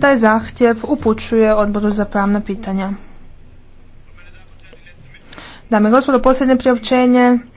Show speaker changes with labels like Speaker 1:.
Speaker 1: taj zahtjev upućuje odboru za pravna pitanja. Dame i gospodo, posljednje priopćenje.